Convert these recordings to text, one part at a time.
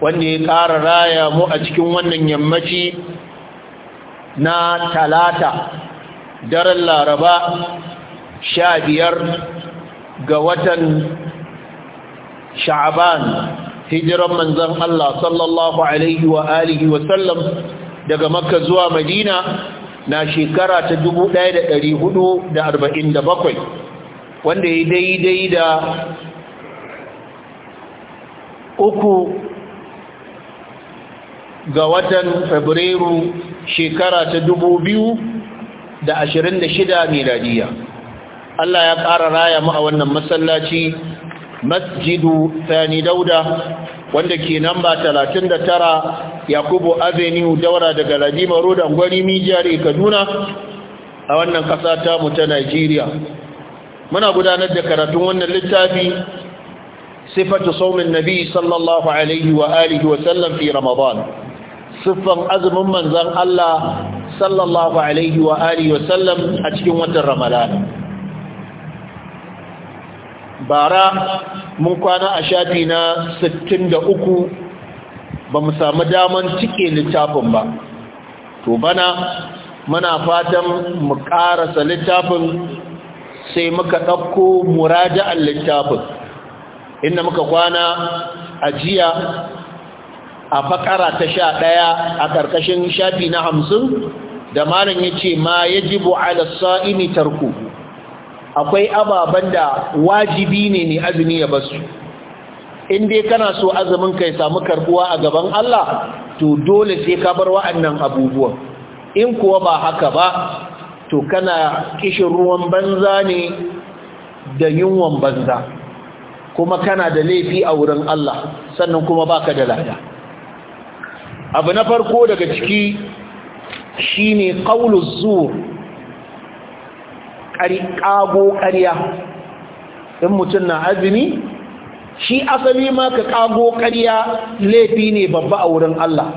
wanda ya ƙara raya mu a cikin wannan yammaci na talata daren laraba sha biyar ga watan sha'aban hijiran manzan Allah sallallahu alaihi wa alihi daga makka zuwa madina na shekara ta 1447 wanda ya daidai da uku ga watan fabrairu shekara ta dubu biyu da ashirin da shida miladiya Allah ya ƙara raya mu a wannan masallaci masjidu sani dauda wanda ke namba tara yakubu avenue daura daga Lajima road angwani mijiyare kaduna a wannan ƙasa ta Najeriya. ta nigeria muna gudanar da karatun wannan littafi sifatu saumin nabi sallallahu alaihi wa alihi wa sallam fi ramadan siffan azumin manzan Allah sallallahu alaihi wa alihi wa sallam a cikin watan Ramadan bara mun kwana a shafi na 63 ba mu samu daman cike littafin ba to bana muna fatan mu ƙarasa littafin sai muka ɗauko muraja'an littafin inda muka kwana a jiya a fakara ta sha ɗaya a ƙarƙashin shafi na hamsin da malam ya ce ma ya jibo alasa'ini tarku akwai ababen da wajibi ne ne azumi ya basu in dai kana so azumin ka ya samu karbuwa a gaban Allah to dole sai ka bar wa'annan abubuwan in kuwa ba haka ba to kana kishin ruwan banza ne da yunwan banza kuma kana da laifi a wurin Allah sannan kuma baka da lada abu na farko daga ciki shine ƙaunar zuwa ƙago ƙarya in mutum na azumi shi asali ma ka ƙago ƙarya laifi ne babba a wurin Allah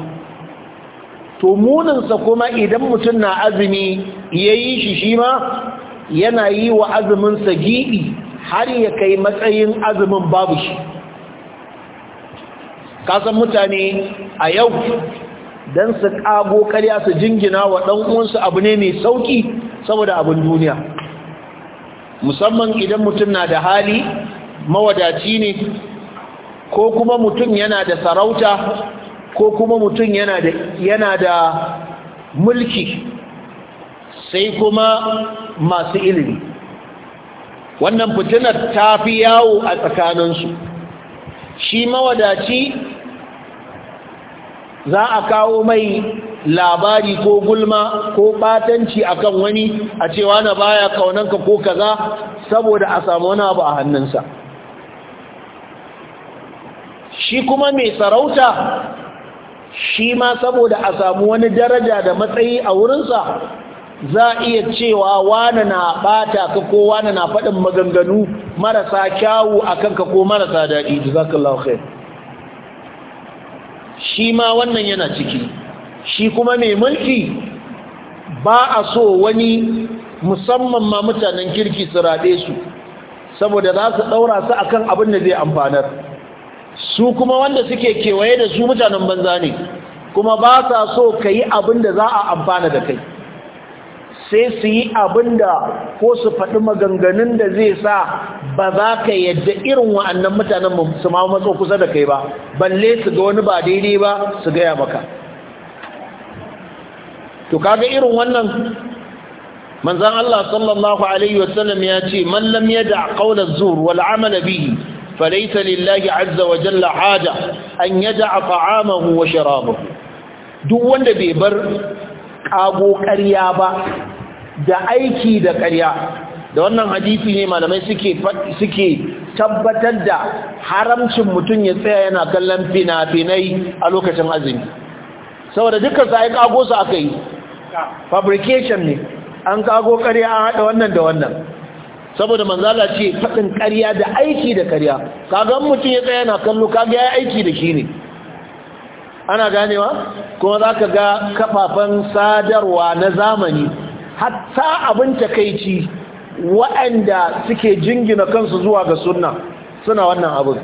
to muninsa kuma idan mutum na azumi ya yi shi shi ma yana yi wa azuminsa giɗi har ya kai matsayin azumin babu shi kasan mutane a yau don su ƙago karya su jingina wa uwansu abu ne mai sauƙi saboda abin duniya musamman idan mutum na da hali mawadaci ne ko kuma mutum yana da sarauta ko kuma mutum yana da mulki sai kuma masu ilimi wannan fitinar ta fi yawo a tsakaninsu shi mawadaci za a kawo mai labari ko gulma ko batanci akan wani a cewa na baya kaunanka ko kaza saboda a samu wani abu a hannunsa shi kuma mai sarauta shi ma saboda a samu wani daraja da matsayi a wurinsa za a iya cewa wane na bata ka ko wane na faɗin maganganu marasa kyawu a kanka ko marasa daɗi jazakallahu khair shi ma wannan yana ciki shi kuma mai mulki ba a so wani musamman ma mutanen kirki su raɗe su saboda za su ɗaura su akan abin da zai amfanar su kuma wanda suke kewaye da su mutanen banza ne kuma ba sa so ka yi abin da za a amfana da kai sai su yi abin da ko su faɗi maganganun da zai sa ba za ka yadda irin wa'annan mutanen su ma matso kusa da kai ba balle su ga wani ba daidai ba su gaya maka to kaga irin wannan manzan Allah sallallahu alaihi wasallam ya ce man lam yada a zur wal amala bihi falaysa lillahi azza wa jalla haja an a ta'amahu wa sharabahu duk wanda bai bar kago ƙarya ba da aiki da ƙarya da wannan hadisi ne malamai suke suke tabbatar da haramcin mutum ya tsaya yana kallon fina-finai a lokacin azumi saboda dukkan sai kago su aka yi fabrication ne an kago ƙarya an haɗa wannan da wannan saboda Allah ce faɗin ƙarya da aiki da ƙarya kaga mutum ya tsaya yana kallo kaga ya aiki da shi ne ana ganewa kuma za ka ga kafafen sadarwa na zamani hatta abin takaici waɗanda suke jingina kansu zuwa ga sunna suna wannan abin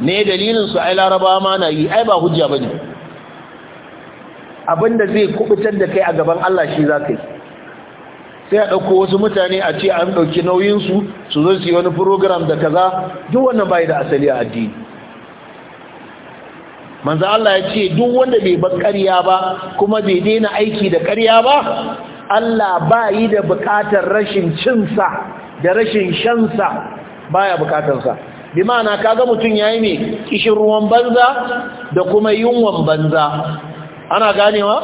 ne dalilinsu ai laraba ma na yi ai ba hujja ba ne abinda zai kubutar da kai a gaban Allah shi za ka yi sai a ɗauko wasu mutane a ce an ɗauki nauyinsu su zo su yi wani program da kaza duk wannan bayi da asali a addini manzo Allah ya ce duk wanda bai bar ƙarya ba kuma bai daina aiki da ƙarya ba Allah ba yi da buƙatar rashin cinsa da rashin shansa baya buƙatarsa bi ma'ana kaga mutum yayi ne kishin ruwan banza da kuma yunwan banza ana ganewa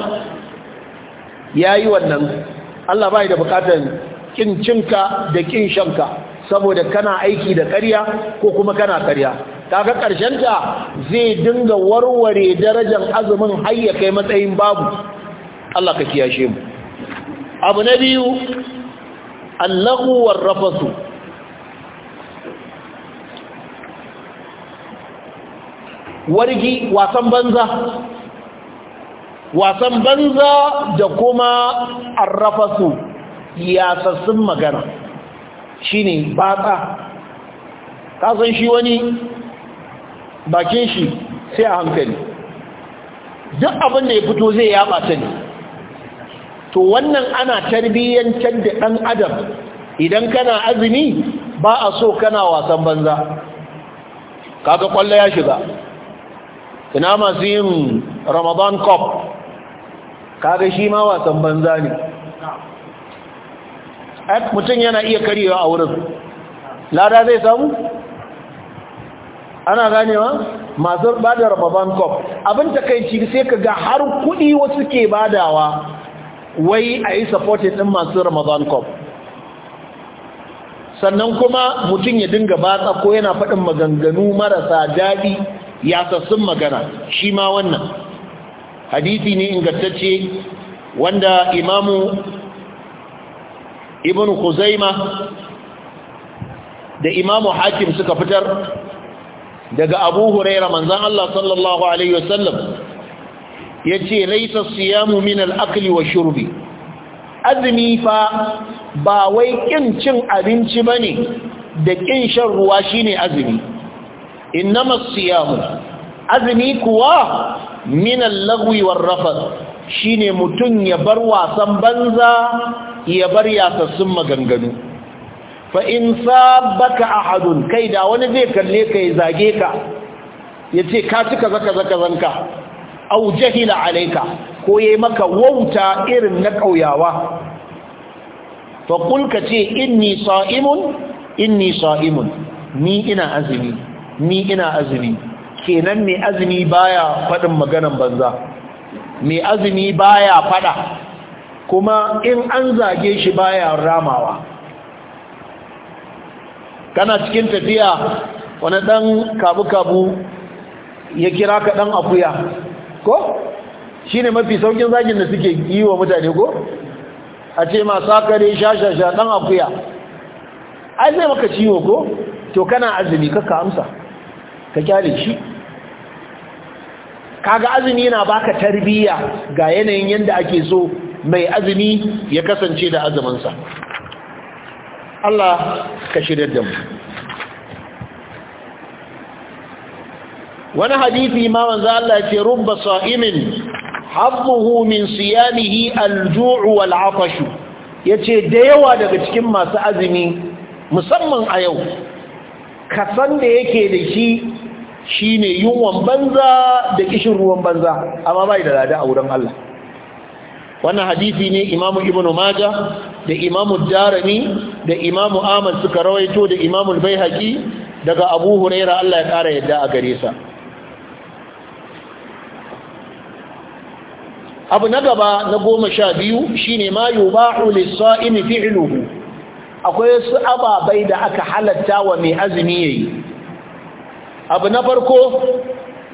yayi wannan Allah ba yi da buƙatar kin cinka da kin shanka saboda kana aiki da ƙarya ko kuma kana ƙarya kaga ta zai dinga warware darajar azumin har ya kai matsayin babu Allah ka kiyashe mu abu na biyu allahu warrafasu wargi wasan banza wasan banza da kuma arrafasu yasassun magana shine batsa kasan shi wani bakin shi sai a hankali duk abin da ya fito zai yaba sani. ne to wannan ana tarbiyyantar da ɗan adam idan kana azumi ba a so kana wasan banza kaga kwallo ya shiga ina masu yin ramadan cup kaga shi ma wasan banza ne mutum yana iya karyewa a wurin lada zai samu ana ganewa masu bada rababan cup abin ta takaici sai ka ga har kudi wasu ke badawa wai a yi supported din masu ramadan cup sannan kuma mutum ya dinga batsa ko yana faɗin maganganu marasa daɗi ya sassun magana shi ma wannan hadisi ne ingantacce wanda imamu ibn kuzaima da imamu hakim suka fitar daga abu huraira manzan Allah sallallahu Alaihi wasallam ya ce laisa siyamu min al'akli wa shurbi azumi fa ba wai ƙin cin abinci ba ne da ƙin shan ruwa shi ne azumi innama siyamu azumi kuwa min allagwi wa shine shi ne mutum ya bar wasan banza ya bar yasassun maganganu fa in a ahadun kai da wani zai kalle ka ya zage ka yace ka ci kaza kaza kazanka aw jahila alaika ko yi maka wauta irin na ƙauyawa fa kul ka ce inni sa'imun inni sa'imun ni ina azumi ni ina azumi kenan mai azumi baya faɗin maganan banza mai azumi baya faɗa kuma in an zage shi baya ramawa kana cikin tafiya wani ɗan kabu-kabu ya kira ka ɗan akuya ko shi mafi saukin zagin da suke yi wa mutane ko a ce ma sakare sha-sha-sha ɗan akuya ai zai maka ciwo ko to kana azumi ka amsa ka kyale shi kaga azumi yana baka tarbiyya ga yanayin yadda ake so mai azumi ya kasance da azuminsa Allah ka shirya da mu wani hadisi ma wanzu Allah ce rubba sa'imin habbuhu min siyamihi al-ju'u wal ya yace da yawa daga cikin masu azumi musamman a yau kasan da yake da shi shine yunwan banza da kishin ruwan banza amma bai da lada a wurin Allah wannan hadisi ne Imam Ibn Majah da imamun darami da imamu ahmad suka rawaito da imamu Baihaki daga abu huraira Allah ya kara yadda a gare sa abu na gaba na goma sha biyu shine ma yubahu lis fi fi'luhu akwai wasu ababai da aka halatta wa mai azumi yayi abu na farko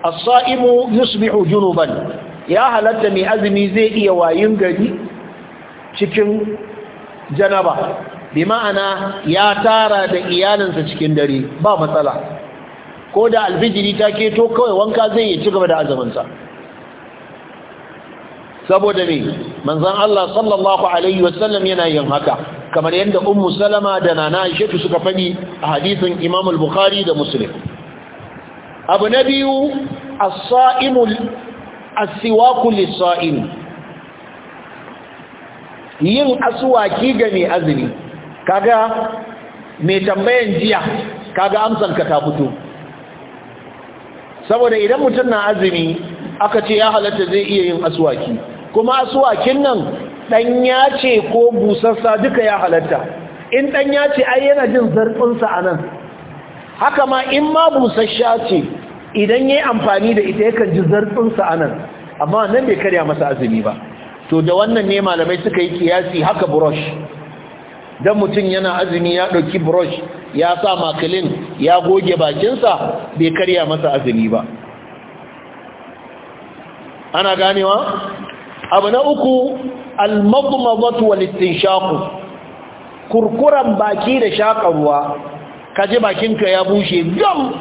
as-sa'imu yusbihu junuban ya halatta mai azumi zai iya wayin gari cikin janaba bi ma'ana ya tara da iyalinsa cikin dare ba matsala ko da alfijiri ta keto kawai wanka zai yi cigaba da azaminsa saboda ne manzan Allah sallallahu alaihi wasallam yana yin haka kamar yadda ummu salama da nana aishatu suka faɗi a hadisin imam bukhari da muslim abu na biyu as siwaku yin asuwaki ga mai azumi kaga mai tambayan jiya kaga amsanka ka ta fito saboda idan mutum na azumi aka ce ya halatta zai iya yin asuwaki kuma asuwakin nan danya ce ko busassa duka ya halatta in danya ce ai yana jin zarfinsa a nan haka ma in ma busassha ce idan ya amfani da ita yakan ji zarfinsa a nan amma nan bai karya masa azumi ba to da wannan ne malamai suka yi kiyasi haka brush dan mutum yana azumi ya ɗauki brush ya sa makilin ya goge bakinsa bai karya masa azumi ba ana ganewa abu na uku almadmadatu wal kurkuran baki da shakarwa kaji bakinka ya bushe gam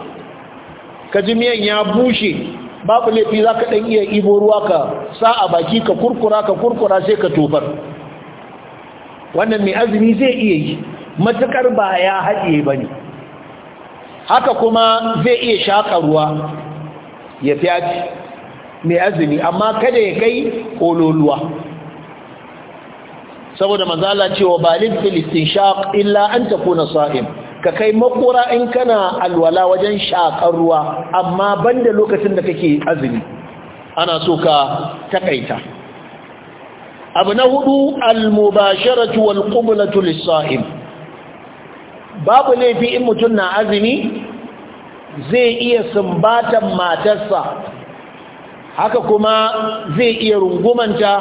kaji miyan ya bushe babu laifi za ka ɗan iya ibo ruwa ka sa a baki ka kurkura ka kurkura sai ka tofar wannan mai azumi zai iya yi matukar ba ya haɗe ba ne haka kuma zai iya shaƙa ruwa ya fyaci mai azumi amma kada ya kai kololuwa saboda mazala cewa balin filistin shaƙ illa an tafi na sa'im ka kai makura in kana alwala wajen shakar ruwa amma banda lokacin da kake azumi ana so ka takaita abu na hudu almubasharatu wal qiblatu lis-sa'im babu laifi in mutum na azumi zai iya sumbatan matarsa haka kuma zai iya rungumanta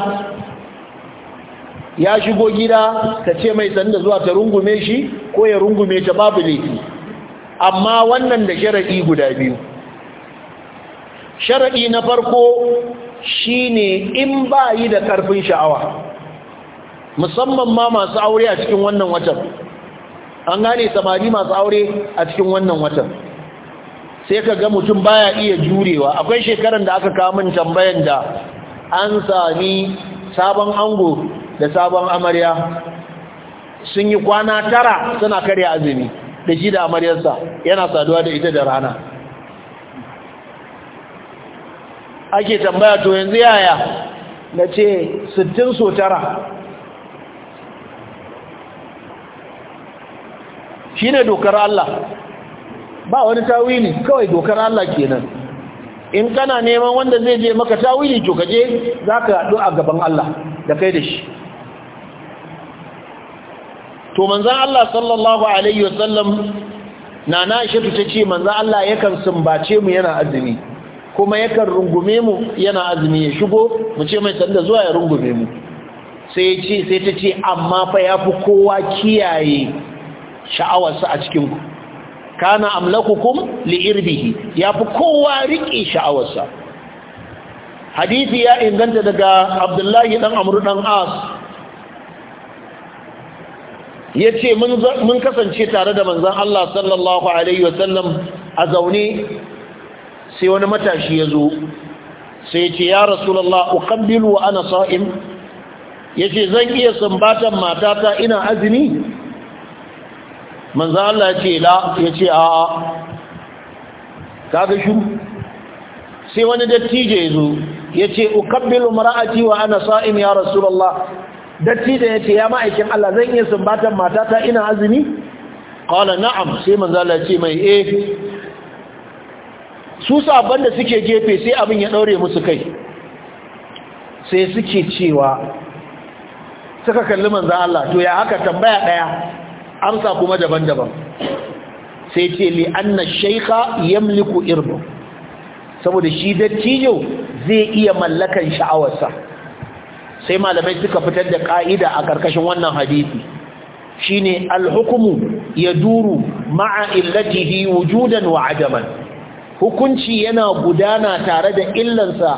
ya shigo gida ka ce mai sanda zuwa ta rungume shi ko ya rungume ta babu laifi amma wannan da shara'i guda biyu shara'i na farko shine in ba yi da ƙarfin sha'awa musamman ma masu aure a cikin wannan watan an gane samari masu aure a cikin wannan watan sai ka ga mutum baya iya jurewa akwai shekaran da aka kamun tambayan da an sami sabon ango da sabon amarya sun yi kwana tara suna karya azumi da shi da amaryarsa yana saduwa da ita da rana ake tambaya to yanzu yaya na ce sittin so tara shi ne dokar Allah ba wani tawili kawai dokar Allah kenan in kana neman wanda zai je maka tawili to kaje za ka haɗu a gaban Allah da kai da shi to manzan Allah sallallahu alaihi wasallam na na shatu ta ce manzan Allah yakan sumbace mu yana azumi kuma yakan rungume mu yana azumi ya shigo mu ce mai sanda zuwa ya rungume mu sai ya ce sai ta ce amma fa ya fi kowa kiyaye sha'awarsa a cikinku kana amlakukum li'irbihi ya fi kowa riƙe sha'awarsa hadisi ya inganta daga abdullahi ɗan amru dan as ya ce mun kasance tare da manzan Allah sallallahu Alaihi wasallam a zaune sai wani matashi ya zo sai ce ya rasulallah uqabbilu wa ana sa'im yace zan iya sumbatan matata ina azini manzan Allah ya ce yace a kaga shi sai wani dattijo ya zo yace uqabbilu mar'ati wa ana sa'im ya rasulallah datti da yace ya ma'aikin Allah zan iya sumbatan matata ina azumi qala na'am sai manzo Allah ce mai eh su sabban da suke gefe sai abin ya daure musu kai sai suke cewa suka kalli manzo Allah to ya haka tambaya daya amsa kuma daban-daban sai ce li anna shaykha yamliku irbu saboda shi dattijo zai iya mallakan sha'awarsa sai malamai suka fitar da ƙa'ida a karkashin wannan hadisi shine al-hukmu ya ma'a illatihi wujudan wa adaman hukunci yana gudana tare da illansa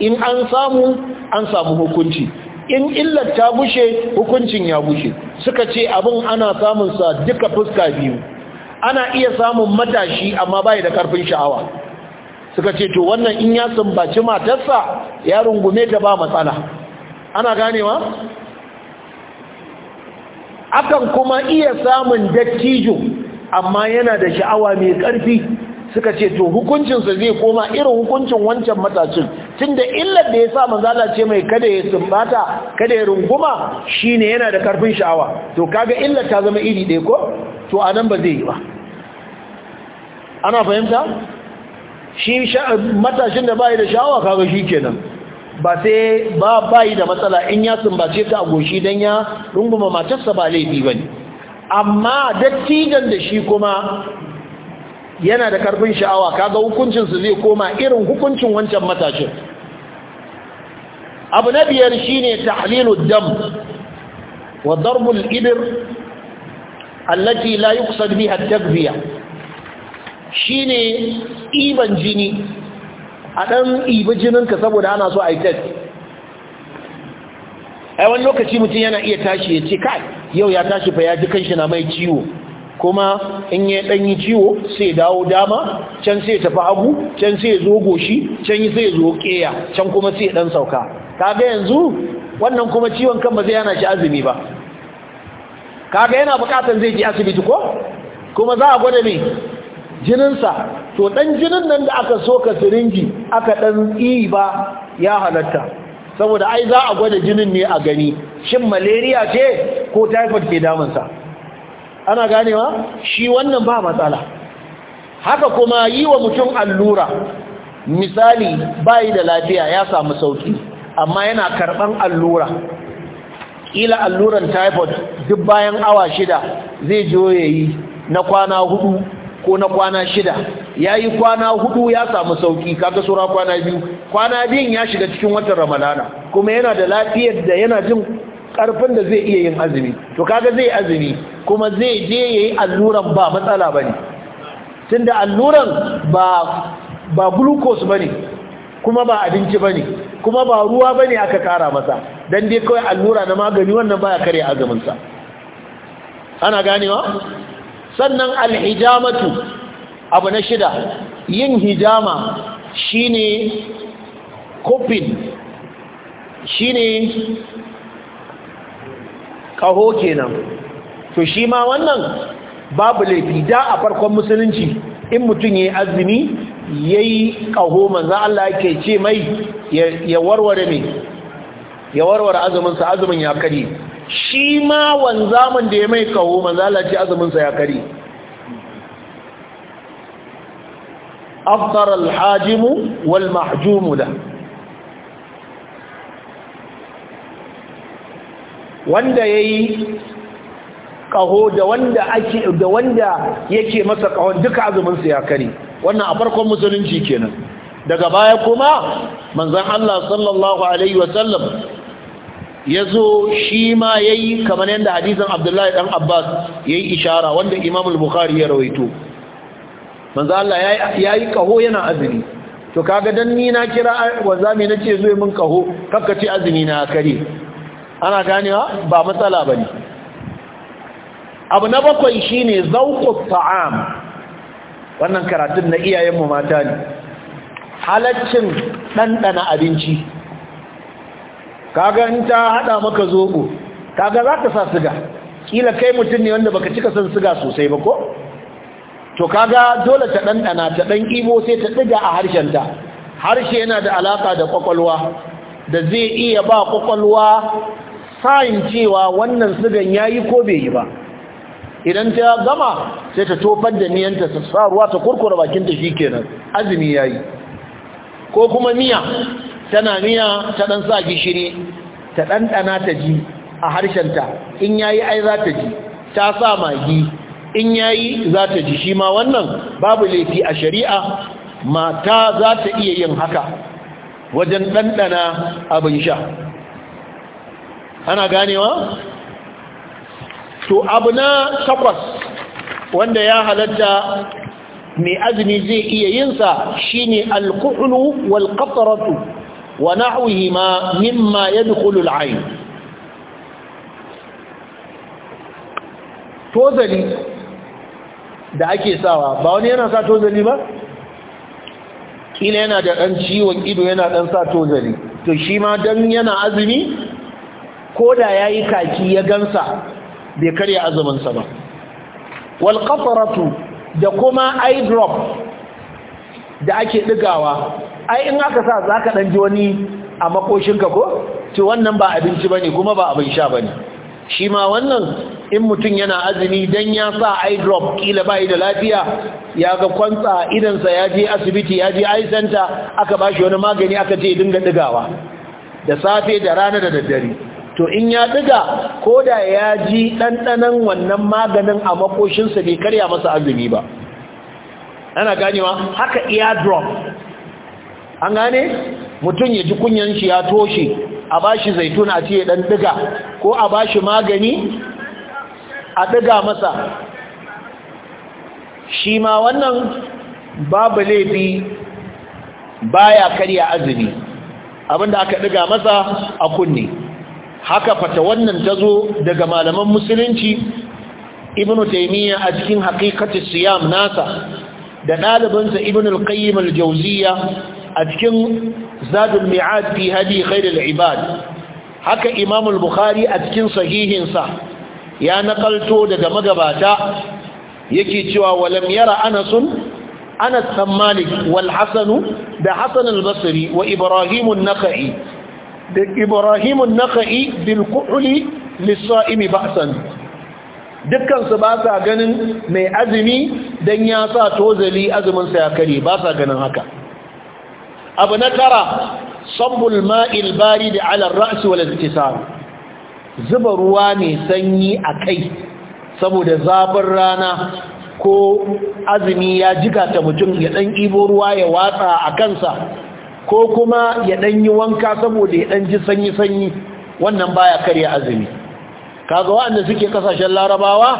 in an samu an samu hukunci in illar ta gushe hukuncin ya bushe suka ce abin ana samunsa duka fuska biyu ana iya samun matashi amma bai da karfin sha'awa suka ce to wannan in ya sumbaci matarsa ya rungume ta ba matsala ana ganewa akan kuma iya samun dattijo amma yana da sha'awa mai ƙarfi suka ce to hukuncinsa zai koma irin hukuncin wancan matacin tunda illar da ya sa manzala ce mai kada ya sumbata kada ya runguma shine yana da ƙarfin sha'awa to kaga illar ta zama iri ɗaya ko to a nan ba zai yi ba ana fahimta shi matashin da bai da sha'awa kaga shi kenan ba sai ba bayi da matsala in ya sumbace ta a goshi don ya runguma matarsa ba laifi ba ne amma dattijan da shi kuma yana da karfin sha'awa kaga hukuncinsu zai koma irin hukuncin wancan matashin abu na biyar shine tahlilud dam wa darbul ibir allati layi kusan biha at-tadbiya shine ƙiban jini a ɗan ibi jininka saboda ana so a yi test a wani lokaci mutum yana iya tashi ya ce kai yau ya tashi fa ya ji kanshi na mai ciwo kuma in ya ɗanyi ciwo sai dawo dama can sai tafi hagu can sai zo goshi can yi sai zo keya can kuma sai ɗan sauka kaga yanzu wannan kuma ciwon kan ba zai yana shi azumi ba kaga yana bukatan zai ji asibiti ko kuma za a gwada mai jininsa to dan jinin nan da aka soka sirinji aka dan yi ba ya halatta saboda ai za a gwada jinin ne a gani shin malaria ce ko typhoid ke sa ana ganewa shi wannan ba matsala haka kuma yi wa mutum allura misali bayi da lafiya ya samu sauki amma yana karban allura ila alluran typhoid duk bayan awa shida zai joye yi na kwana hudu ko na kwana shida ya yi kwana hudu ya samu sauki kaga sura kwana biyu kwana biyun ya shiga cikin watan ramadana kuma yana da lafiyar da yana jin karfin da zai iya yin azumi to kaga zai azumi kuma zai je ya yi alluran ba matsala ba ne tun da alluran ba glucose ba ne kuma ba abinci ba ne kuma ba ruwa ba ne aka kara masa don dai kawai allura na magani wannan baya karya azuminsa ana ganewa sannan alhijamatu abu na shida yin hijama shine kufin shine kaho kenan to shi ma wannan babu laifi da a farkon musulunci in mutum ya yi azumi ya yi ƙaho manzan Allah ke ce mai ya warware mai ya warware azuminsa azumin ya kari shi ma wanzamin da ya mai kawo manzala ce azuminsa ya kari afdar alhajimu wal mahjumu da wanda ya yi kaho da wanda ake da wanda yake masa kahon duka azuminsa ya kari wannan a farkon musulunci kenan daga baya kuma manzan Allah sallallahu alaihi wasallam ya zo shi ma ya yi kamar yadda hadisan abdullahi dan abbas ya yi ishara wanda imamul bukhari ya rawaito manzo Allah ya yi kaho yana azumi to kaga dan ni na kira wanzami na ce zai min kaho kakka ce azumi na kare ana ganewa ba matsala bane abu na bakwai shine zauqut ta'am wannan karatun na iyayen mu mata ne halaccin dandana abinci kaga in ta hada maka zobo kaga za ta sa siga kila kai mutum ne wanda baka cika son siga sosai ba ko to kaga dole ta ɗanɗana ta ɗan ibo sai ta ɗiga a harshen ta, harshe yana da alaƙa da ƙwaƙwalwa da zai iya ba ƙwaƙwalwa sain cewa wannan sigan ya yi ko bai yi ba idan ta gama sai ta tofar da niyanta ta sa ruwa ta kurkura bakinta shi kenan azumi ya yi ko kuma miya tana miya ta ɗan sa gishiri ta ɗanɗana ta ji a harshenta in yayi ai za ta ji ta sa magi in yayi za ta ji shi ma wannan babu laifi a shari'a mata za ta iya yin haka wajen ɗanɗana abin sha ana ganewa? to abu na takwas wanda ya halatta mai azumi zai iya yinsa shine alkuhulu wal qatratu wa nahwihima mimma yadkhulu al tozali da ake sawa ba wani yana sa tozali ba kila yana da ɗan ciwon ido yana ɗan sa tozali to shi ma dan yana azumi ko da yayi kaki ya gansa bai karya azumin ba wal da kuma eye drop da ake ɗigawa ai in aka sa za ka ji wani a makoshinka ko to wannan ba abinci ba kuma ba abin sha bane ne shi ma wannan in mutum yana azumi don ya sa eye drop kila bai da lafiya ya ga kwantsa idansa ya je asibiti ya je eye center aka ba shi wani magani aka ce dinga digawa da safe da rana da daddare to in ya diga ko da ya ji ɗanɗanan wannan maganin a makoshinsa bai karya masa azumi ba ana ganewa haka eardrum an gane mutum ya ji kunyan shi ya toshe a bashi zaitun a ciye dan diga ko a bashi magani a diga masa shi ma wannan babu laifi baya karya azumi abinda aka diga masa a kunne haka fata wannan tazo daga malaman musulunci ibnu taymiya a cikin haqiqatus siyam nasa da ɗalibansa ibn al-qayyim al-jawziya a cikin zadul mi'ad fi hadi khairul ibad haka imam al-bukhari a cikin sahihinsa ya nakalto daga magabata yake cewa walam yara anasun anas san malik wal hasan da hasan al-basri wa ibrahim an-nakhai da ibrahim an bil qu'li lis-sa'imi ba'san dukkansu ba sa ganin mai azumi don ya sa tozali azuminsa ya kare ba sa ganin haka abu na tara sabbul ma'il bari da alar ra'asi wal intisar zuba ruwa mai sanyi a kai saboda zafin rana ko azumi ya jika ta mutum ya dan ibo ruwa ya watsa a kansa ko kuma ya dan yi wanka saboda ya dan ji sanyi-sanyi wannan baya karya azumi kaga waɗanda suke kasashen larabawa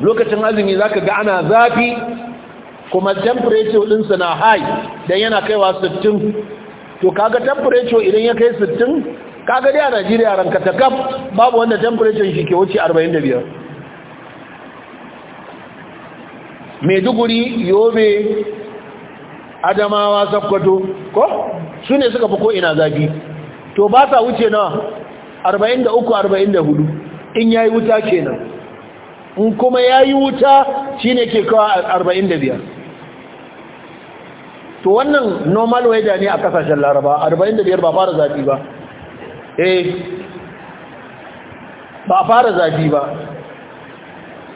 lokacin azumi zaka ga ana zafi kuma temperature ɗinsa na high don yana kaiwa 60 to kaga temperature idan ya kai 60 kaga dai a Najeriya ranka ta gab babu wanda temperature shi ke wuce 45 Maiduguri Yobe Adamawa sabkwato ko su ne suka fi ko ina zafi to ba sa wuce nawa 43 44 in ya yi wuta kenan in kuma ya yi wuta shi ne ke kawo 45 to wannan normal weather ne a kasashen Laraba 45 ba fara zafi ba eh ba fara zafi ba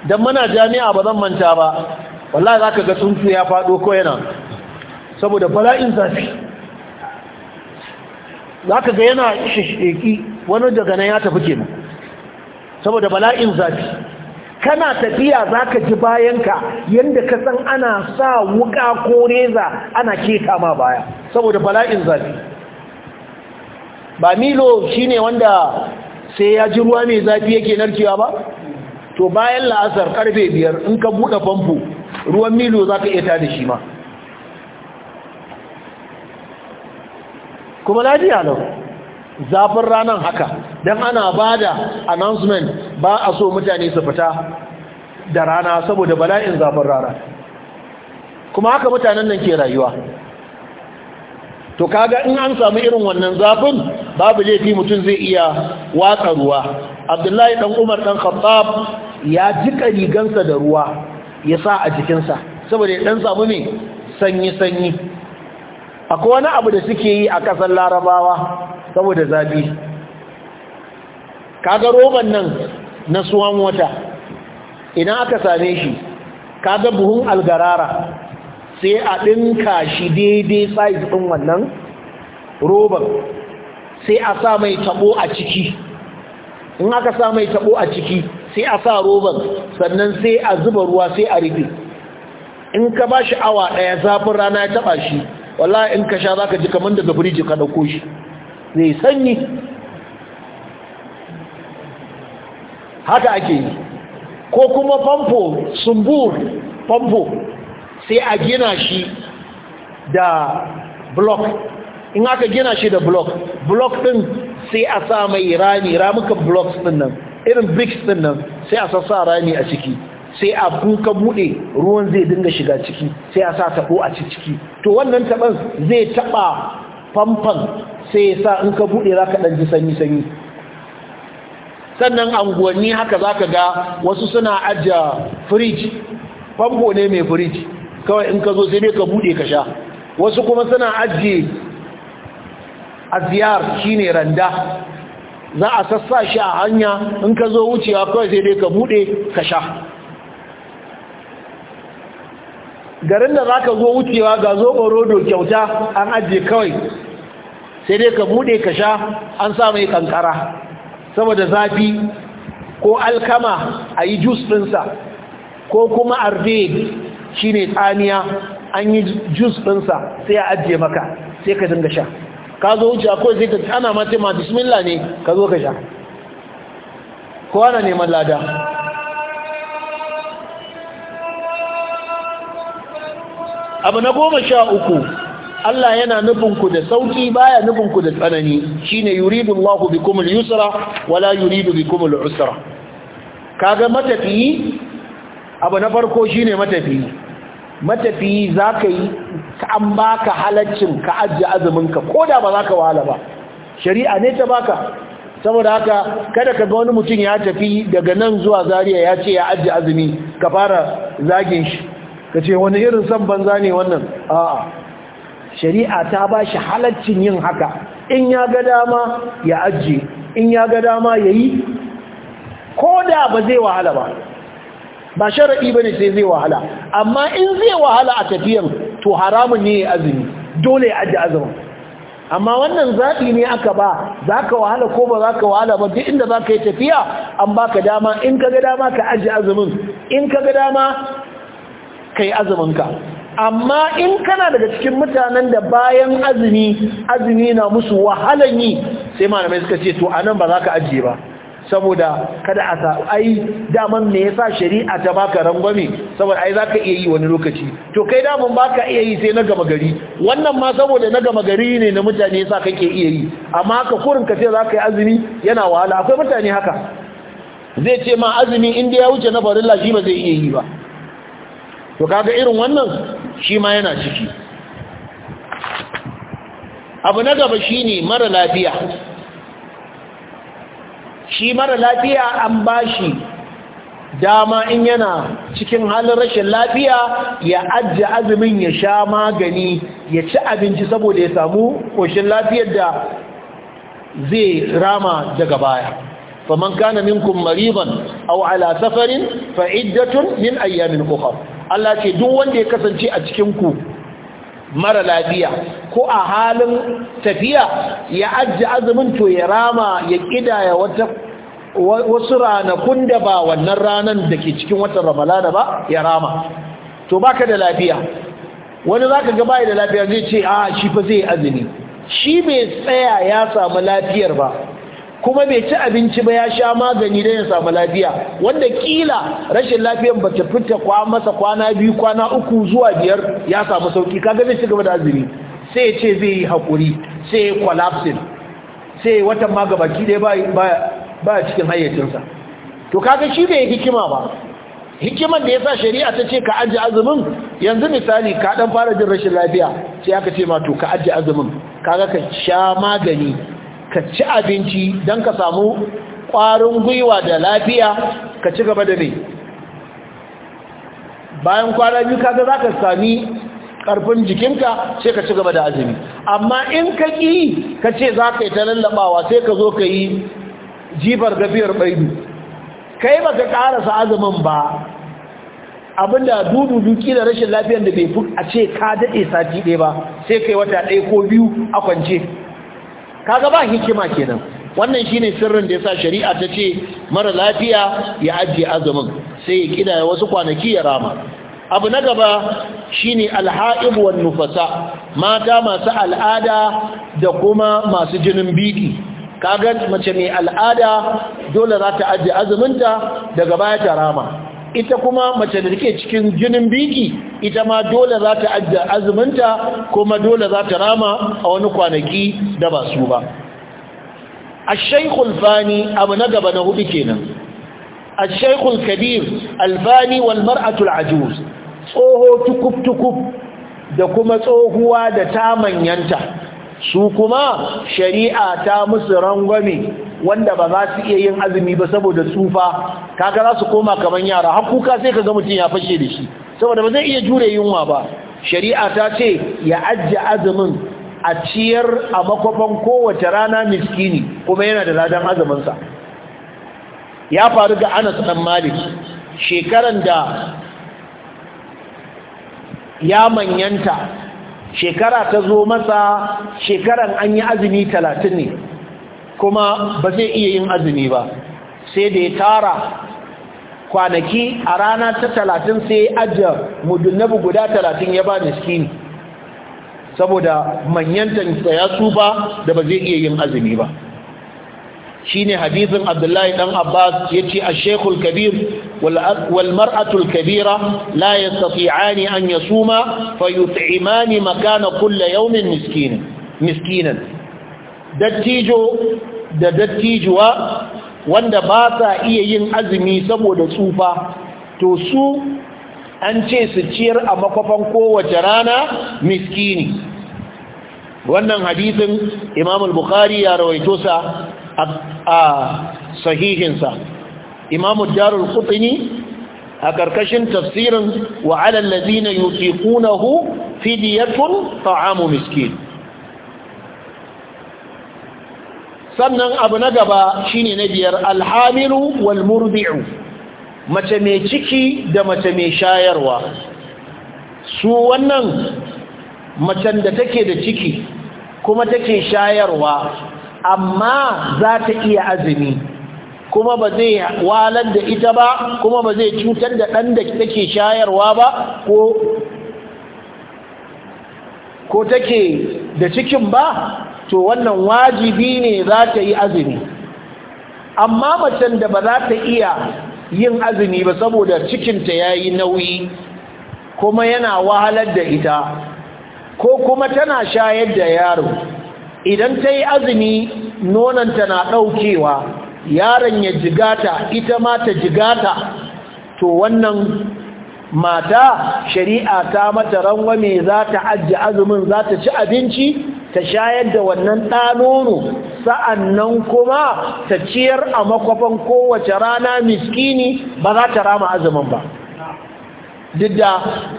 don muna jami'a ba zan manta ba za ka ga tuntun ya fado ko yana saboda bala'in zafi za ka ga yana shisheki wani daga nan ya tafi kenan saboda bala'in zafi kana tafiya za ka ji ka yadda ka san ana sa wuka ko reza ana ke kama baya saboda bala'in zafi ba milo shi ne wanda sai ya ji ruwa mai zafi yake narkewa ba to bayan la'asar karfe biyar in ka buɗe famfo ruwan milo za ka iya tada shi ma kuma lafiya lau zafin ranar haka don ana ba da announcement ba a so mutane su fita da rana saboda bala'in zafin rana kuma haka mutanen nan ke rayuwa to kaga in an samu irin wannan zafin babu laifi mutum zai iya watsa ruwa abdullahi dan umar dan khattab ya jika rigansa da ruwa ya sa a jikinsa saboda ya dan samu ne sanyi-sanyi akwai wani abu da suke yi a ƙasar larabawa saboda zafi kaga roban nan na suwan wata ina aka same shi kaga buhun algarara sai a ɗinka shi daidai size ɗin wannan roban sai a sa mai tabo a ciki in aka sa mai taɓo a ciki sai a sa roban sannan sai a zuba ruwa sai a rufe in ka ba shi awa ɗaya zafin rana ya taɓa shi wallah in ka sha zaka ji kaman daga firiji ka dauko shi zai sanyi haka ake yi ko kuma famfo sumbur famfo sai a gina shi da block in aka gina shi da block block din sai a sa mai rami ramukan blocks din nan irin bricks din nan sai a sassa rami a ciki sai a ka bude ruwan zai dinga shiga ciki sai a sa tabo a ciki to wannan taban zai taba famfan sai ya sa in ka bude zaka dan ji sanyi sanyi sannan anguwanni haka zaka ga wasu suna ajiya firij famfo ne mai firij kawai in ka zo sai dai ka bude ka sha wasu kuma suna ajiye aziyar shine randa za a sassa shi a hanya in ka zo wucewa kawai sai dai ka bude ka sha garin da za ka zo wucewa ga zobo rodo kyauta an ajiye kawai sai dai ka buɗe ka sha an sa mai kankara saboda zafi ko alkama a yi jus ɗinsa ko kuma arde shi ne tsaniya an yi jus ɗinsa sai a ajiye maka sai ka dinga sha ka zo wuce akwai sai ka ana mace ma bismillah ne ka zo ka sha kowa na neman lada abu na goma sha uku Allah yana nufinku da sauki baya nufinku da tsanani shine yuridu Allahu bikum al-yusra wala yuridu bikum al-usra kaga matafiyi abu na farko shine matafiyi matafiyi zaka yi an baka halaccin ka ajje azumin ka koda ba zaka wahala ba shari'a ne ta baka saboda haka kada ka ga wani mutum ya tafi daga nan zuwa Zaria ya ce ya ajje azumi ka fara zagin shi ka ce wani irin san banza ne wannan a shari'a ta ba shi halaccin yin haka in ya ga dama ya ajiye in ya ga dama ya yi ko da ba zai wahala ba ba shara'i ba ne sai zai wahala amma in zai wahala a tafiyan to haramun ne ya azumi dole ya ajiye azumin amma wannan zaɓi ne aka ba za ka wahala ko ba za ka wahala ba duk inda za ka yi tafiya an ba ka dama in ka ga dama ka ajiye azumin in ka ga dama kai azuminka amma in kana daga cikin mutanen da bayan azumi azumi na musu wahalan yi sai malamai suka ce to anan ba za ka ajiye ba saboda kada a sa ai daman me yasa shari'a ta baka rangwame saboda ai zaka iya yi wani lokaci to kai daman baka iya yi sai na gama gari wannan ma saboda na gama gari ne na mutane yasa kake iya yi amma ka kurin ka ce zaka yi azumi yana wahala akwai mutane haka zai ce ma azumi in da ya wuce na farilla shi ba zai iya yi ba to kaga irin wannan shi ma yana ciki abu na gaba shine mara lafiya shi mara lafiya an bashi dama in yana cikin halin rashin lafiya ya ajiye azumin ya sha magani ya ci abinci saboda ya samu ƙoshin lafiyar da zai rama daga baya faman kana minkum mariban aw ala safarin fa'idatun min ayyamin ukhra Allah ce duk wanda ya kasance a cikin ku mara lafiya ko a halin tafiya ya ajiye azumin to ya rama ya kidaya wata wasu ranakun da ba wannan ranan da ke cikin watan ramalana ba ya rama to baka da lafiya wani zaka ga bai da lafiya zai ce a ah, shi fa zai azumi shi bai tsaya ya samu lafiyar ba kuma bai ci abinci ba ya sha magani don ya samu lafiya wanda kila rashin lafiyan ba ta fita kwa masa kwana biyu kwana uku zuwa biyar ya samu sauki kaga zai ci gaba da azumi sai ya ce zai yi haƙuri sai ya kwalafsin sai ya watan ma gabaki dai ba cikin hayyacinsa to kaga shi bai hikima ba hikiman da ya sa shari'a ta ce ka ajiye azumin yanzu misali ka dan fara jin rashin lafiya sai aka ce ma to ka ajiye azumin kaga ka sha magani ka ci abinci don ka samu ƙwarin gwiwa da lafiya ka ci gaba da ne bayan kwana biyu kaga za ka sami ƙarfin jikinka sai ka ci gaba da azumi amma in ka ƙi ka ce za ka yi ta lallaɓawa sai ka zo ka yi jifar gafiyar ɓaidu kai ba ka sa azumin ba abinda dudu kila rashin lafiyar da bai fi a ce ka daɗe sati ɗaya ba sai ka yi wata ɗaya ko biyu a kwance kaga ba hikima kenan wannan shine sirrin da yasa shari'a ta ce mara lafiya ya ajiye azumin sai ya kidaya wasu kwanaki ya rama abu na gaba shine alha'ib wan nufasa mata masu al'ada da kuma masu jinin biki kaga mace mai al'ada dole za ta ajiye azuminta daga baya ta rama ita kuma mace da take cikin jinin biki ita ma dole za ta ajja azuminta kuma dole za ta rama a wani kwanaki da ba su ba abu na na الفاني أبو نقب نهبكنا الشيخ الكبير الفاني والمرأة ajuz tsoho tukuf tukuf da kuma tsohuwa da ta manyanta su kuma shari'a ta musu rangwame wanda ba za su iya yin azumi ba saboda tsufa kaga za su koma kaman yara har kuka sai ga mutum ya fashe da shi saboda ba zai iya jure yunwa ba shari'a ta ce ya ajiye azumin a ciyar a makwafan kowace rana miskini kuma yana da ladan azuminsa ya faru ga anas dan malik shekaran da ya manyanta shekara ta zo masa shekaran an yi azumi talatin ne kuma ba zai iya yin azumi ba sai da ya tara kwanaki a rana ta talatin sai ajiye mudunabu guda talatin ya ba ne saboda manyan ya tsufa da ba zai iya yin azumi ba shine hadithin abdullahi dan abbas yace ash-shaykhul kabir wal mar'atul kabira la yastati'ani an yasuma fayut'imani makana kulli yawmin miskin miskinan dattijo da dattijuwa wanda ba sa iya yin azumi saboda tsufa to su an ce su ciyar a makwafan kowace rana miskini wannan hadisin imam al-bukhari ya rawaito sa a sahihinsa imamu darul kutini a ƙarƙashin tafsirin wa alallazi na yuƙiƙunahu fidiyatun ta'amu miskin sannan abu na gaba shine na biyar alhamilu wal mace mai ciki da mace mai shayarwa su wannan macen da take da ciki kuma take shayarwa amma za ta iya azumi kuma ba zai walar da ita ba kuma ba zai cutar da ɗan da take shayarwa ba ko ko take da cikin ba to wannan wajibi ne za ta yi azumi amma macen da ba za ta iya yin azumi ba saboda cikinta ya yi nauyi kuma yana wahalar da ita ko kuma tana shayar da yaro idan ta yi azumi nonanta na ɗaukewa yaron ya jigata ita ma ta jigata to wannan mata shari'a ta mata rangwame za ta ajiye azumin za ta ci abinci ta shayar da wannan ɗanono nan kuma ta ciyar a makwafan kowace rana miskini ba za ta rama azumin ba duk da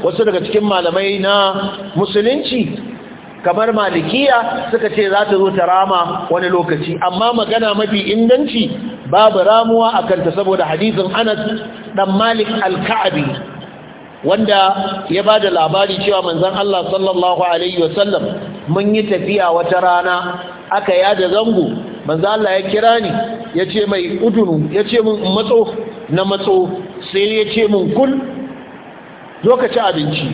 wasu daga cikin malamai na musulunci kamar malikiya suka ce za ta zo ta rama wani lokaci amma magana mafi inganci babu ramuwa a kanta saboda hadisin anas dan malik alka'abi wanda ya ba da labari cewa manzan Allah sallallahu Alaihi wasallam mun yi tafiya wata rana aka yada zango manzan Allah ya kira ni ya ce mai udunu ya ce mun matso na matso sai ya ce mun kun zo ka ci abinci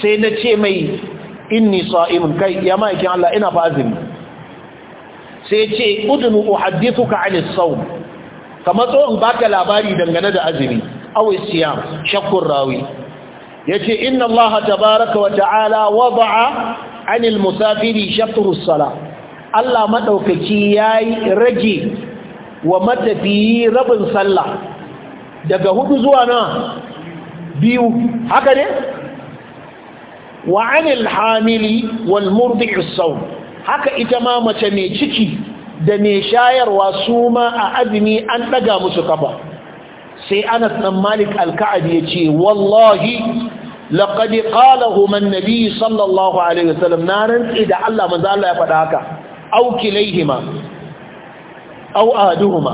sai na ce mai inni sa'imun kai ya ma'aikin Allah ina fa azumi sai ce udnu uhaddithuka 'ani as-sawm kamar tsohon baka labari dangane da azumi aw siyam shakkur rawi yace inna Allah tabaaraka wa ta'ala wada'a 'ani al-musafiri shatru as-salah Allah madaukaki yayi rage wa matafiyi rabin sallah daga hudu zuwa na biyu haka ne wa anil hamili wal sawm haka ita ma mace mai ciki da mai shayarwa su ma a azumi an daga musu kafa sai Anas dan Malik al-Ka'abi yace wallahi laqad qalahu man nabi sallallahu alaihi wasallam naran da Allah manzo Allah ya faɗa haka au kilaihima au ahaduhuma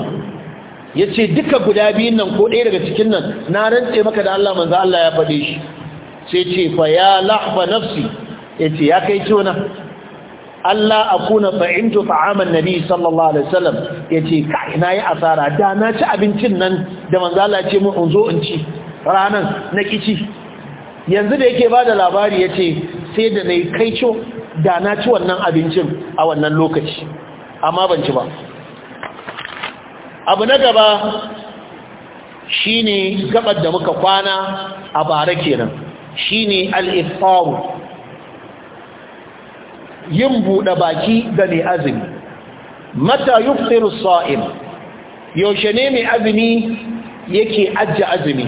yace duka guda biyun nan ko ɗaya daga cikin nan na rantse maka da Allah manzo Allah ya faɗe shi sai ce fa ya lahba nafsi ya ce ya kai tona Allah akuna fa'intu ta'aman nabi sallallahu alaihi wasallam yace kai yi asara da na ci abincin nan da manzala ce mu in in ci ranan na kici yanzu da yake ba da labari ya ce sai da na nayi kai da na ci wannan abincin a wannan lokaci amma ban ci ba abu na gaba shi ne gabar da muka kwana a bara kenan shine al-iftaru yin buɗe baki ga mai azumi mata yuftiru sa'im yaushe ne mai azumi yake ajja azumi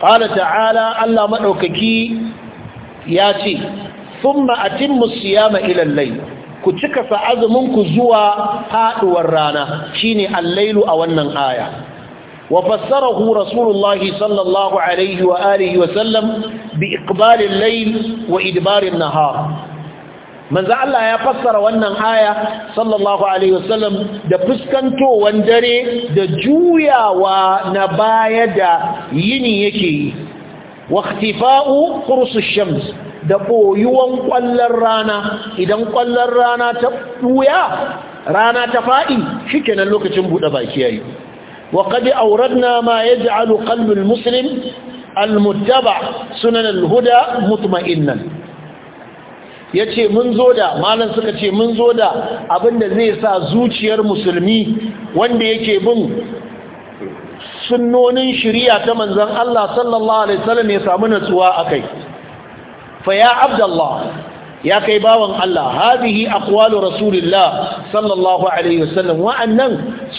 qala ta'ala Allah madaukaki ya ce thumma atimmu siyama ila al-layl ku cika sa azumin ku zuwa faduwar rana shine al a wannan aya وفسره رسول الله صلى الله عليه واله وسلم باقبال الليل وادبار النهار من ذا الله يا فسر wannan aya صلى الله عليه وسلم da fuskantowan dare da juyawa na baya da yini yake waqtifa'u fa'u ash-shams da boyuwan ƙwallon rana idan ƙwallon rana ta buya rana ta shi kenan lokacin buɗe baki yayi وقد أوردنا ما يجعل قلب المسلم المتبع سنن الهدى مطمئنا ya ce mun zo da malam suka ce mun zo da abinda zai sa zuciyar musulmi wanda yake bin sunnonin shiriya ta Manzon. Allah sallallahu Alaihi wasallam ya samu natsuwa a kai fa ya abdallah ya kai bawan Allah hadhihi aqwalu rasulillah sallallahu alaihi wasallam wa'annan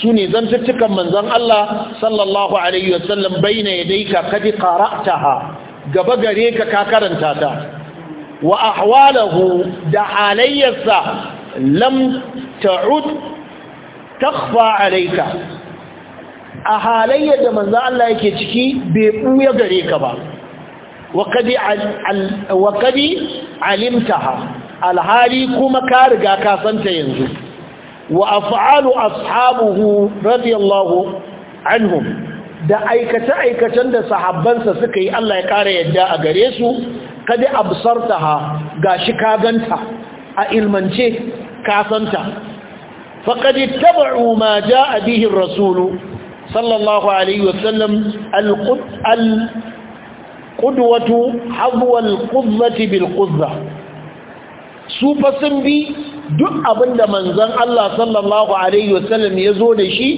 sune zantuttukan manzon Allah sallallahu alaihi wasallam baina yadayka kad qara'taha gaba gare ka ka karanta ta wa ahwalahu da halayyarsa lam ta'ud takhfa alayka a halayyar da manzo Allah yake ciki bai buya gare ka ba wa kadi alimtaha alhali kuma ka riga ka yanzu wa af'alu ashabuhu radiyallahu anhum da aikace-aikacen da sahabbansa suka yi Allah ya kara yadda a gare su kadi absartaha gashi ka ganta a ilmance ka santa faqad ittaba'u ma jaa bihi ar-rasulu sallallahu alaihi sallam al ƙudwatu habwal qudzati bil qudza su fa sun bi duk abinda manzon Allah sallallahu alaihi wasallam ya zo da shi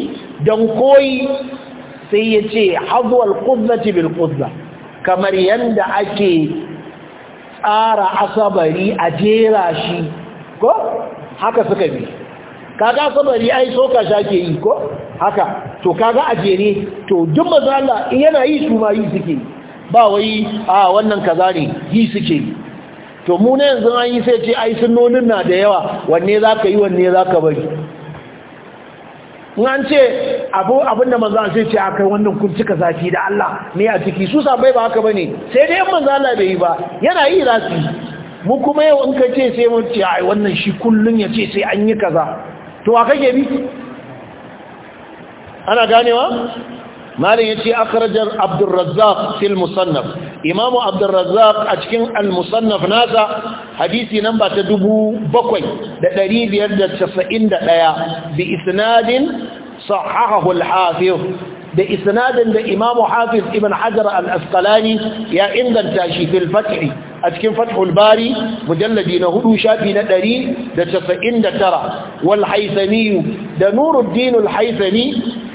don koyi sai ya ce habwal qudzati bil qudza kamar yadda ake tsara asabari a jera shi ko haka suka bi kaga asabari ai soka ke yi ko haka to kaga a jere to duk mazala yana yi su ma yi suke yi ba wai a wannan kaza ne yi suke to mu ne yanzu an yi sai ce ai sunnonin na da yawa wanne za ka yi wanne za ka bari an ce abinda manzo sai ce akai wannan kun cika da Allah ne a ciki su sa bai ba haka bane sai dai manzo Allah bai yi ba yana yi rafi mu kuma yau in ka ce sai mun ce ai wannan shi kullun ya ce sai an yi kaza to a kake bi ana ganewa malam yace ce abdur razzaq fil musannaf imam abdur a cikin al musannaf nasa hadisi namba ta 7591 bi isnadin sahahahu al hafiz da isnadin da Imam Hafiz Ibn Hajar al-Asqalani ya inganta shi fil Fath a cikin Fathul Bari mujalladi na hudu, shafi na 199 wal Haythami da Nuruddin al-Haythami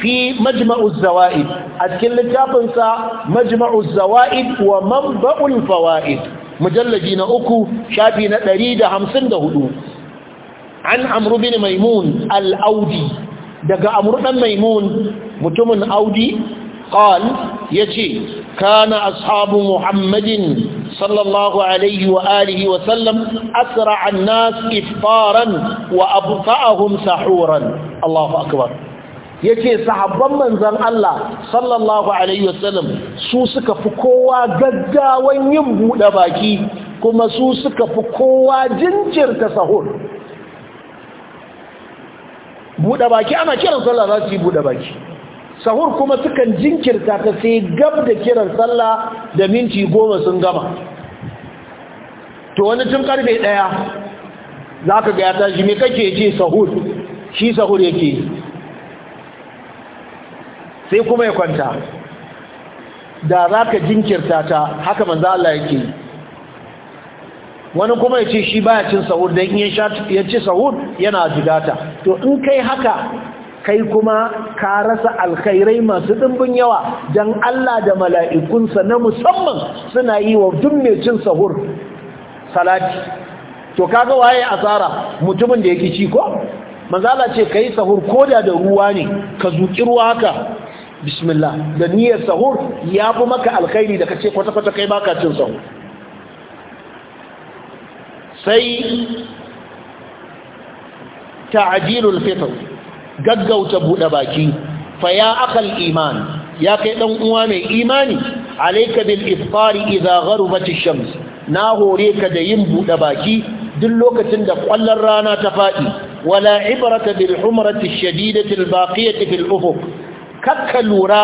fi Majma'u zawaid a cikin littafinsa sa Majma'u zawaid wa mamba'ul fawaid mujalladi na uku, shafi na hudu, an amru bin Maimun al-Audi daga amurdan maimun mutumin audi قال yace كان أصحاب محمد صلى الله عليه وآله وسلم أسرع الناس إفطارا وأبطأهم سحورا الله yace sahabban manzon Allah sallallahu alaihi su suka fi kowa gaggawan yin bude baki kuma su suka fi kowa jinjirta sahur buɗe baki ana kiran sallah za su yi buɗe baki sahur kuma sukan jinkirta ta sai gab da kiran sallah da minti goma sun gama to wani tun karfe ɗaya za ka ga ya tashi mai kake ce sahur shi sahur yake sai kuma ya kwanta da za ka jinkirta ta haka manza Allah yake yi wani kuma ya ce shi baya cin sahur don in ya ci sahur yana jigata to in kai haka kai kuma ka rasa alkhairai masu ɗimbin yawa don Allah da mala'ikunsa na musamman suna yi wa duk mai cin sahur salati to kaga waye asara mutumin da yake ci ko manzala ce yi sahur ko da da ruwa ne ka zuƙi ruwa haka bismillah da niyyar sahur ya fi maka alkhairi da ce kwata-kwata kai baka cin sahur sai ta'jilul fitr gaggauta bude baki fa ya akal iman ya kai dan uwa mai imani alayka bil iftari idha gharabat ash-shams na hore ka da yin bude baki duk lokacin da ƙwallon rana ta fadi wala ibrata bil humrati ash-shadidati al-baqiyati fil ufuq kakka lura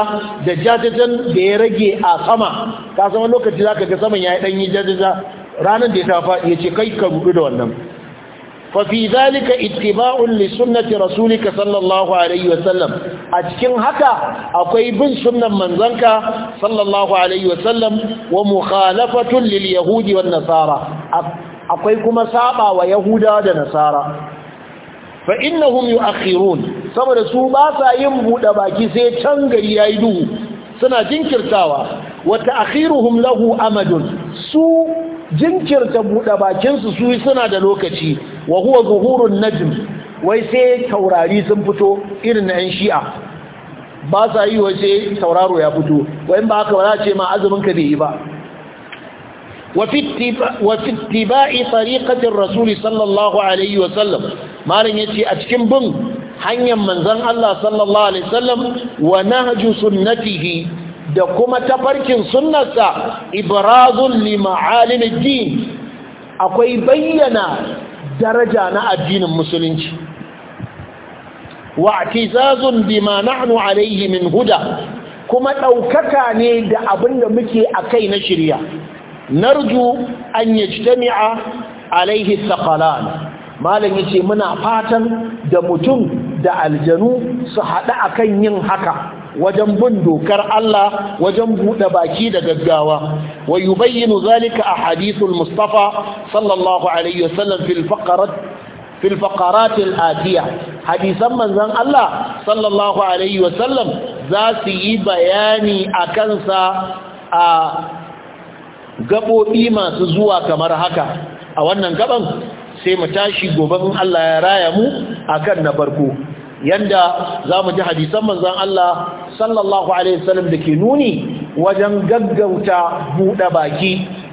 da jajajan da ya rage a sama ka sama lokaci zaka ga saman yayi dan yi jajaja ranar da ya ta faɗi ya ce kai ka rudu da wannan fafi zalika ittiba'un li sunnati rasulika sallallahu alaihi wasallam a cikin haka akwai bin sunnan manzanka sallallahu alaihi wasallam wa mukhalafatun lil yahudi wan nasara akwai kuma saba wa yahuda da nasara fa innahum yu'akhirun saboda su ba sa yin buɗe baki sai can gari yayi duhu suna jinkirtawa wa ta'khiruhum lahu amadun su jinkirta buɗe bakinsu su suna da lokaci wa huwa zuhurun najm wai sai taurari sun fito irin na 'yan shi'a ba sa yi wai sai tauraro ya fito wai ba haka ba za ce ma azumin ka bai yi ba وفي اتباع طريقة الرسول صلى الله عليه وسلم ما لن يتي أتكم بن حنيا من ذن الله صلى الله عليه وسلم ونهج da kuma tafarkin sunnarsa ibrazun li din akwai bayyana daraja na addinin musulunci wa atizazun bima nahnu alayhi min huda kuma ɗaukaka ne da abin da muke akai na shirya narju an jami'a alayhi thaqalan malam yace muna fatan da mutum da aljanu su haɗu akan yin haka wajen bin dokar Allah wajen buɗe baki da gaggawa wa yubayyinu zalika ahadithul mustafa sallallahu alaihi wasallam fil faqarat fil atiya hadisan manzon Allah sallallahu alaihi wasallam za su yi bayani akan sa a gabobi masu zuwa kamar haka a wannan gaban sai mu tashi gobe in Allah ya raya mu akan na farko yanda za mu ji hadisan manzon Allah sallallahu alaihi wasallam da ke nuni wajen gaggauta buɗe baki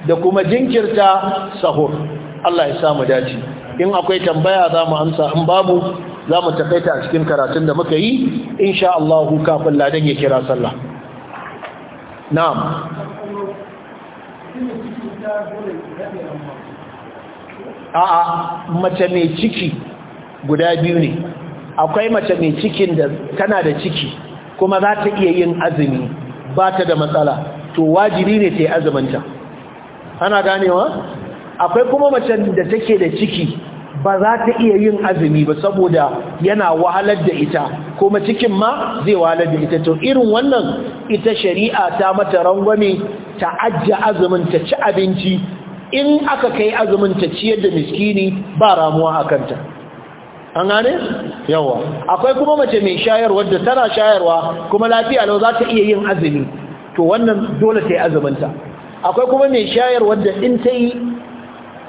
da kuma jinkirta sahur Allah ya mu daji. in akwai tambaya za mu amsa in babu za mu takaita a cikin karatun da muka yi insha Allah kafin ladan ya kira sallah na'am a'a mace mai ciki guda biyu ne akwai mace mai cikin da tana da ciki kuma za ta iya yin azumi ba ta da matsala to wajibi ne ta yi azumanta ana ganewa akwai kuma macen da take da ciki ba za ta iya yin azumi ba saboda yana wahalar da ita kuma cikin ma zai wahalar da ita to irin wannan ita shari'a ta mata rangwame ta ajiye azumin ta ci abinci in aka kai azumin ta ciyar da miskini ba ramuwa a kanta an gane yawa akwai kuma mace mai shayarwa da tana shayarwa kuma lafiya lau za ta iya yin azumi to wannan dole ta yi azuminta akwai kuma mai shayar da in ta yi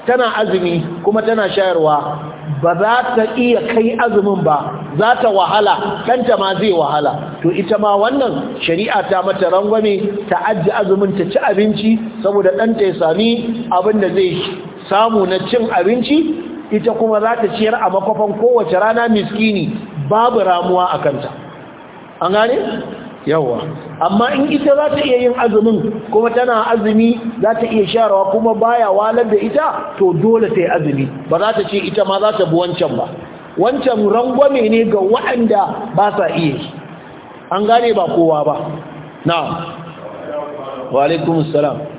tana azumi kuma tana shayarwa ba za ta iya kai azumin ba za ta wahala ɗanta ma zai wahala to ita ma wannan shari'a ta mata rangwame ta ajiye azumin ta ci abinci saboda ɗanta ya sami abin da zai samu na cin abinci ita kuma za ta ciyar a makwafan kowace rana miskini babu ramuwa a kanta an gane yawwa amma in ita za ta iya yin azumin kuma tana azumi za ta iya sharawa kuma baya walar da ita to dole ta yi azumi ba za ta ce ita ma za ta bi wancan ba wancan rangwame ne ga waɗanda ba sa iya yi an gane ba kowa ba na wa alaikumussalam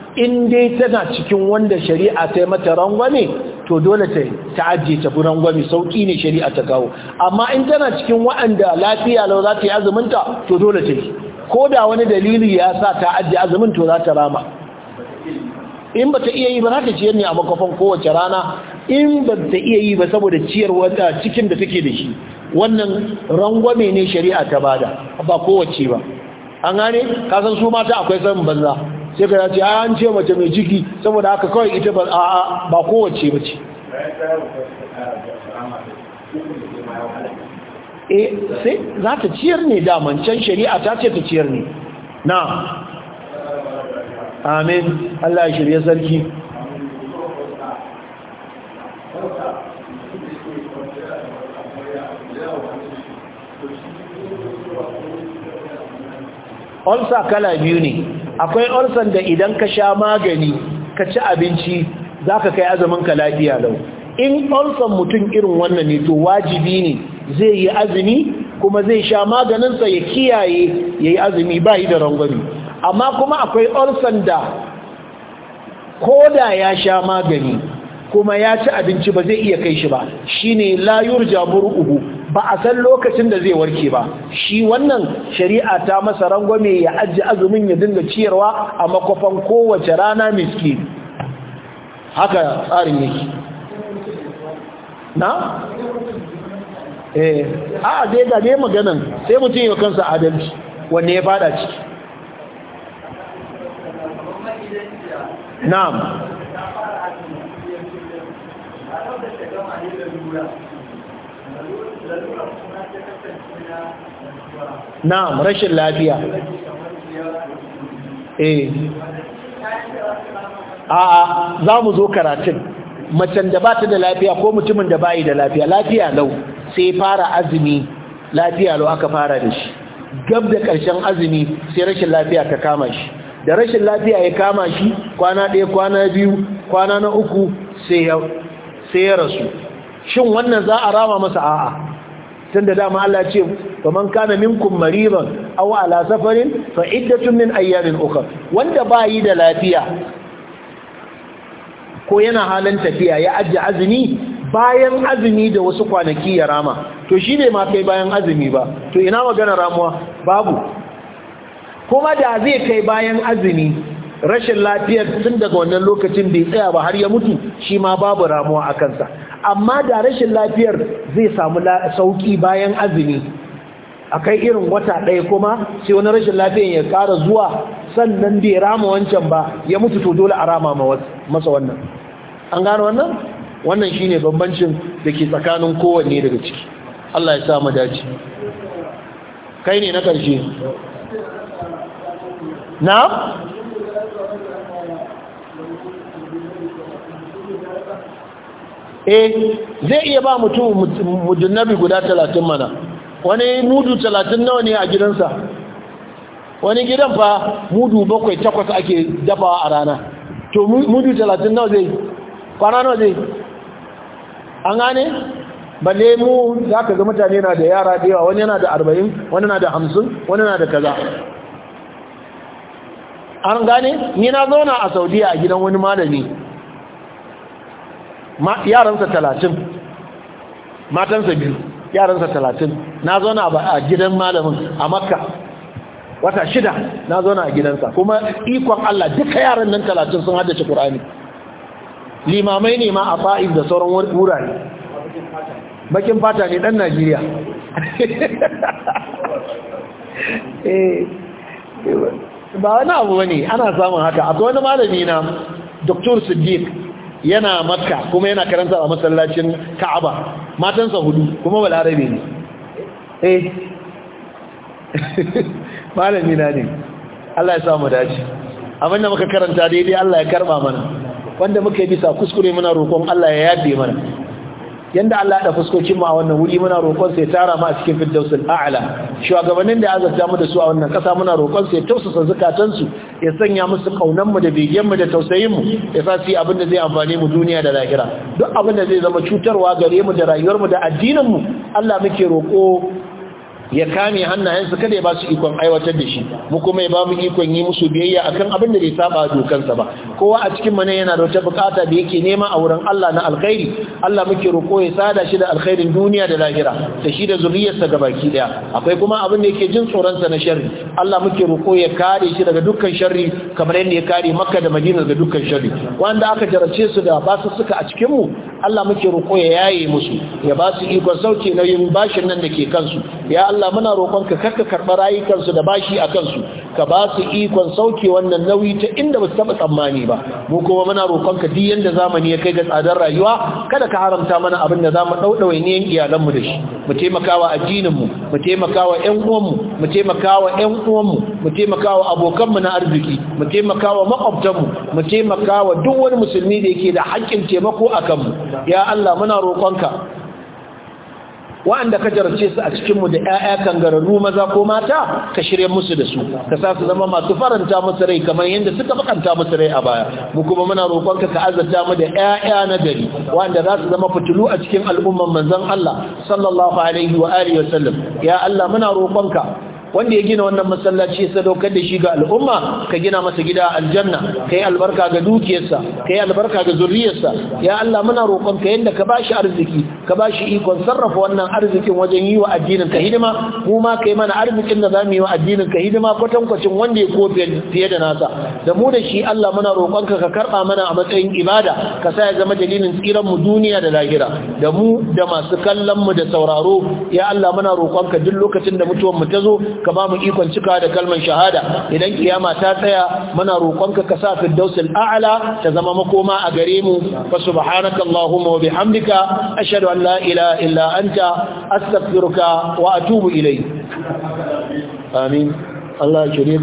in dai tana cikin wanda shari'a ta mata rangwame to dole ta ajiye ta fi rangwame sauki ne shari'a ta kawo amma in tana cikin waɗanda lafiya lau za ta yi azuminta to dole ta yi ko da wani dalili ya sa ta ajiye azumin to za ta rama in ba ta iya yi ba za ta ciyar ne a makafan kowace rana in ba ta iya yi ba saboda ciyar wata, ah, cikin da take da shi wannan rangwame ne shari'a ta bada ba kowace ba an gane kasan su mata akwai san banza sai ka ce an ce mace mai ciki saboda haka kawai ita ba a ba kowace mace eh sai za ta ciyar ne da mancan shari'a ta ce ta ciyar ne na amin Allah ya shirya sarki olsa kala biyu ne akwai ulsan da idan ka sha magani ka ci abinci za ka kai ka lafiya lau in ulsan mutum irin wannan ne to wajibi ne zai yi azumi kuma zai sha maganinsa ya kiyaye ya yi azumi ba yi da rangwani amma kuma akwai ulsan da ko da ya sha magani kuma ya ci abinci ba zai iya kai shi ba shine layur yurja uhu ba a san lokacin da zai warke ba shi wannan shari'a ta masa rangwame ya ajiye azumin ya dinga ciyarwa a makofan kowace rana miski haka tsarin yake na? eh a zai gane maganan sai mutum yi kansa adalci wanne ya fada ciki na'am na'am rashin lafiya eh a'a za mu zo karatun macen da ba ta da lafiya ko mutumin da bayi da lafiya lafiya lau sai fara azumi lafiya lau aka fara da shi gab da ƙarshen azumi sai rashin lafiya ta kama shi da rashin lafiya ya kama shi kwana ɗaya kwana biyu kwana na uku sai ya rasu shin wannan za a rama masa a'a tun da dama Allah ce ba man kana minkum mariban aw ala safarin fa iddatun min ayyamin ukhra wanda bayi da lafiya ko yana halin tafiya ya ajiye azumi bayan azumi da wasu kwanaki ya rama to shine ma kai bayan azumi ba to ina magana ramuwa babu kuma da zai kai bayan azumi rashin lafiyar tun daga wannan lokacin bai tsaya ba har ya mutu shi ma babu ramuwa a kansa amma da rashin lafiyar zai samu sauki bayan azumi akai irin wata ɗaya kuma sai wani rashin lafiyar ya ƙara zuwa sannan bai rama wancan ba ya mutu to dole a rama masa wannan an gano wannan wannan shine bambancin da ke tsakanin kowanne daga ciki Allah ya sa mu dace kai ne na ƙarshe na eh zai iya ba mutum mujannabi guda talatin mana wani mudu talatin nawa ne a gidansa wani gidan fa mudu bakwai takwas ake dafawa a rana to mudu talatin nawa zai kwana nawa zai an gane balle mu za ka ga mutane na da yara da yawa wani yana da arba'in wani na da hamsin wani na da kaza an gane ni na zauna a saudiya a gidan wani malami yaransa talatin matansa biyu yaransa talatin na zauna a gidan malamin a makka wata shida na zauna a gidansa kuma ikon Allah duka yaran nan talatin sun haddace ƙur'ani limamai ne ma a fa'in da sauran wurare bakin fata ne ɗan najeriya eh, ba wani abu ne ana samun haka akwai wani malami na dr siddiq yana makka kuma yana karanta a masallacin ka'aba matansa hudu kuma balarabe ne eh malami na ne Allah ya samu dace abinda muka karanta daidai Allah ya karba mana wanda muka yi bisa kuskure muna roƙon Allah ya yabe mana yanda Allah ya fuskokin mu a wannan wuri muna roƙon sai tara mu a cikin firdausul a'la shugabannin da ya azabta mu da su a wannan ƙasa muna roƙon sai tausasa zakatan su ya sanya musu kaunan mu da begen mu da tausayin mu ya sa su abin da zai amfane mu duniya da lahira duk abin da zai zama cutarwa gare mu da rayuwar mu da addinin mu Allah muke roƙo ya kame hannayensu kada ya ba su ikon aiwatar da shi mu kuma ya ba mu ikon yi musu biyayya akan abin da bai saba dokansa ba kowa a cikin mu ne yana da wata bukata da yake nema a wurin Allah na alkhairi Allah muke roko ya sada shi da alkhairin duniya da lahira da shi da zuriyarsa gabaki daya akwai kuma abin da yake jin tsoron sa na sharri Allah muke roko ya kare shi daga dukkan sharri kamar yadda ya kare Makka da Madina daga dukkan sharri wanda aka jarace su da basu suka a cikin mu Allah muke roko ya yaye musu ya ba su ikon sauke nauyin bashin nan da ke kansu ya Allah muna roƙonka karka karɓa rayukansu da bashi a kansu ka ba su ikon sauke wannan nauyi ta inda ba su taɓa tsammani ba mu kuma muna roƙonka duk yanda zamani ya kai ga tsadar rayuwa kada ka haramta mana abin da za mu ɗauɗaure niyan iyalanmu da shi mu taimakawa addininmu mu taimakawa ƴan uwanmu mu taimakawa ƴan uwanmu mu taimakawa abokanmu na arziki mu taimakawa maƙwabtanmu mu taimakawa duk wani musulmi da yake da haƙƙin taimako a kanmu ya Allah muna roƙonka wa'anda ka jarce su a cikinmu da 'ya'ya kangararru maza ko mata ka shirya musu da su ka sa su zama masu faranta musu rai kamar yadda suka bakanta musu rai a baya mu kuma muna rokonka ka azarta mu da 'ya'ya na gari wa'anda za su zama fitilu a cikin al'umman manzon Allah sallallahu alaihi wa alihi wa sallam ya Allah muna rokonka. wanda ya gina wannan masallaci ya sadaukar da shi ga al'umma ka gina masa gida aljanna ka yi albarka ga dukiyarsa ka yi albarka ga zuriyarsa ya Allah muna roƙon ka yanda ka bashi arziki ka bashi ikon sarrafa wannan arzikin wajen yi wa addinin ka hidima mu ma kai mana arzikin da zamu yi wa addinin ka hidima kwatankwacin wanda ya ko fiye da nasa da mu da shi Allah muna roƙon ka ka karɓa mana a matsayin ibada ka sa ya zama dalilin tsiran mu duniya da lahira da mu da masu kallon mu da sauraro ya Allah muna roƙon ka duk lokacin da mutuwar mu ta zo ka ba mu ikon cika da kalman shahada idan kiyama ta tsaya muna roƙonka ka sa firdausul a'la ta zama makoma a gare mu fa subhanaka wa bihamdika ashhadu an la ilaha illa anta astaghfiruka wa atubu ilayk amin Allah ya